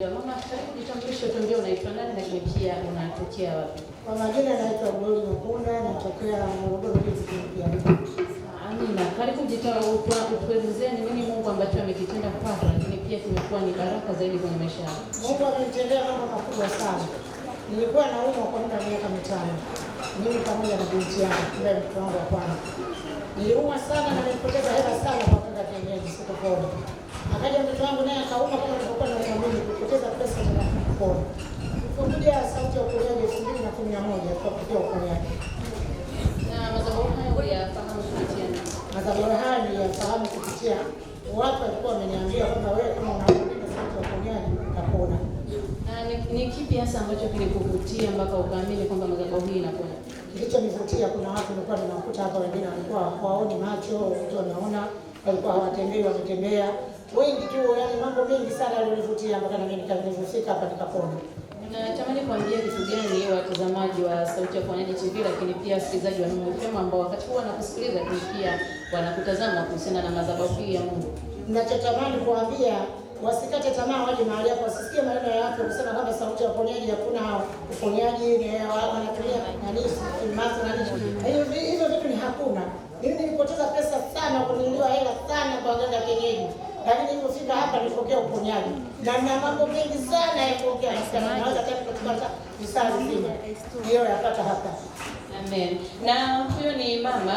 Mama karibu jitambulishe, tuambie unaitwa nani lakini pia unatokea wapi? Kwa majina naitwa Glory Mkunda, natokea Morogoro District Amina. Karibu jituelezee ni nini Mungu ambacho amekitenda kwako lakini pia kimekuwa ni baraka zaidi kwenye maisha yako. Mungu amenitendea mambo makubwa sana. Nilikuwa naumwa kwa muda miaka mitano. Mimi pamoja na binti yangu ndio mtu wangu wa kwanza. Niliumwa sana na nilipoteza hela sana kwa kwenda kienyeji sikupona. Akaja mtoto wangu naye akaumwa kwa mkono. Kufungulia sauti ya uponyaji elfu mbili na kumi na moja tukapitia uponyaji. Madhabahu haya niliyafahamu kupitia watu walikuwa wameniambia kwamba wewe kama unafungulia sauti ya uponyaji utapona. Ni kipi hasa ambacho kilikuvutia mpaka ukaamini kwamba madhabahu hii inapona? Kilichonivutia, kuna watu nilikuwa ninawakuta hapa, wengine walikuwa hawaoni macho, wengine wanaona, walikuwa hawatembei, wametembea wengi tu, yani mambo mengi sana yalinivutia mpaka na mimi nikazungusika hapa nikapona. Natamani kuambia kitu gani wewe watazamaji wa Sauti ya Uponyaji TV, lakini pia wasikilizaji wa Nuru FM ambao wakati huo wanakusikiliza, lakini pia wanakutazama kuhusiana na madhabahu hii ya Mungu. Ninachotamani kuambia wasikate tamaa, waje mahali hapo, wasikie maneno ya watu kusema kwamba Sauti ya Uponyaji hakuna uponyaji, wanatumia nani, hivyo vitu ni hakuna. Mimi nilipoteza pesa sana, kununuliwa hela sana kwa waganga lakini kufika hapa nipokea uponyaji na na mambo mengi sana ya kuongea naweza kuchukua msaa mzima hiyo yapata hapa. Amen. Na huyo ni mama